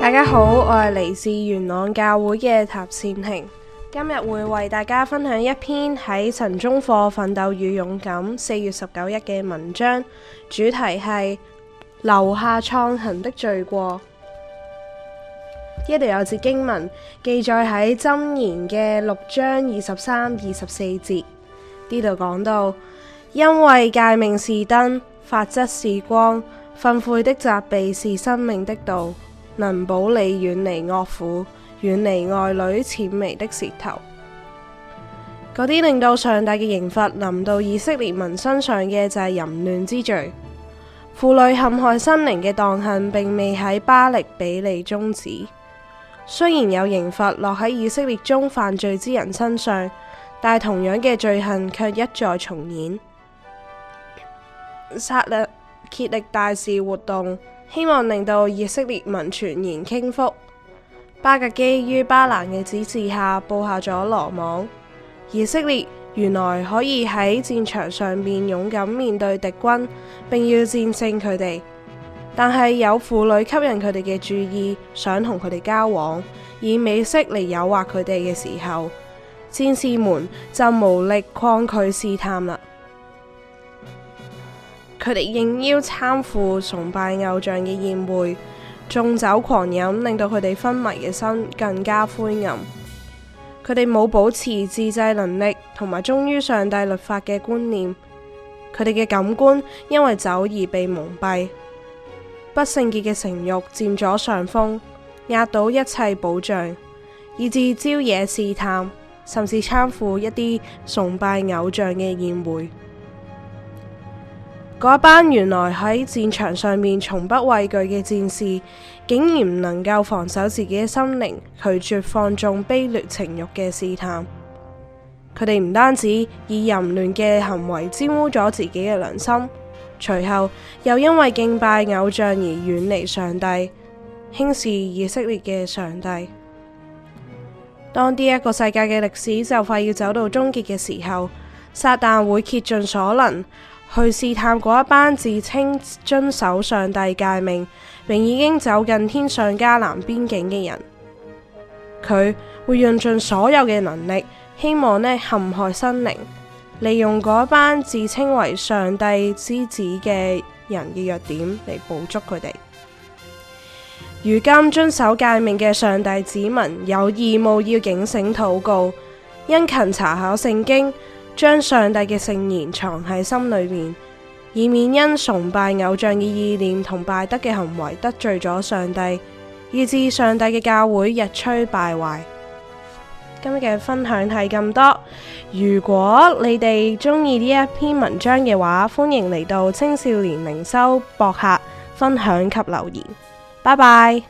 大家好，我係嚟自元朗教會嘅塔善婷。今日會為大家分享一篇喺晨中課奮鬥與勇敢四月十九日嘅文章，主題係留下創痕的罪過。呢度有節經文記載喺箴言嘅六章二十三、二十四節。呢度講到，因為誡命是燈，法則是光。憤悔的責備是生命的道，能保你遠離惡苦，遠離外女淺微的舌頭。嗰啲令到上帝嘅刑罰臨到以色列民身上嘅，就係淫亂之罪。父女陷害心靈嘅蕩恨，並未喺巴力比利終止。雖然有刑罰落喺以色列中犯罪之人身上，但同樣嘅罪行卻一再重演。殺掠。竭力大事活動，希望令到以色列民全然傾覆。巴格基於巴蘭嘅指示下，布下咗羅網。以色列原來可以喺戰場上面勇敢面對敵軍，並要戰勝佢哋。但係有婦女吸引佢哋嘅注意，想同佢哋交往，以美色嚟誘惑佢哋嘅時候，戰士們就無力抗拒試探啦。佢哋應邀參赴崇拜偶像嘅宴會，縱酒狂飲，令到佢哋昏迷嘅心更加灰暗。佢哋冇保持自制能力，同埋忠於上帝律法嘅觀念。佢哋嘅感官因為酒而被蒙蔽，不聖潔嘅情欲佔咗上風，壓倒一切保障，以致招惹試探，甚至參赴一啲崇拜偶像嘅宴會。嗰班原來喺戰場上面從不畏懼嘅戰士，竟然唔能夠防守自己嘅心靈，拒絕放縱卑劣情欲嘅試探。佢哋唔單止以淫亂嘅行為沾污咗自己嘅良心，隨後又因為敬拜偶像而遠離上帝，輕視以色列嘅上帝。當呢一個世界嘅歷史就快要走到終結嘅時候，撒旦會竭盡所能。去試探嗰一班自稱遵守上帝誡命，並已經走近天上迦南邊境嘅人，佢會用盡所有嘅能力，希望呢陷害生靈，利用嗰班自稱為上帝之子嘅人嘅弱點嚟捕捉佢哋。如今遵守誡命嘅上帝子民有義務要警醒禱告，殷勤查考聖經。將上帝嘅聖言藏喺心裏面，以免因崇拜偶像嘅意念同敗德嘅行為得罪咗上帝，以致上帝嘅教會日趨敗壞。今日嘅分享係咁多，如果你哋鍾意呢一篇文章嘅話，歡迎嚟到青少年靈修博客分享及留言。拜拜。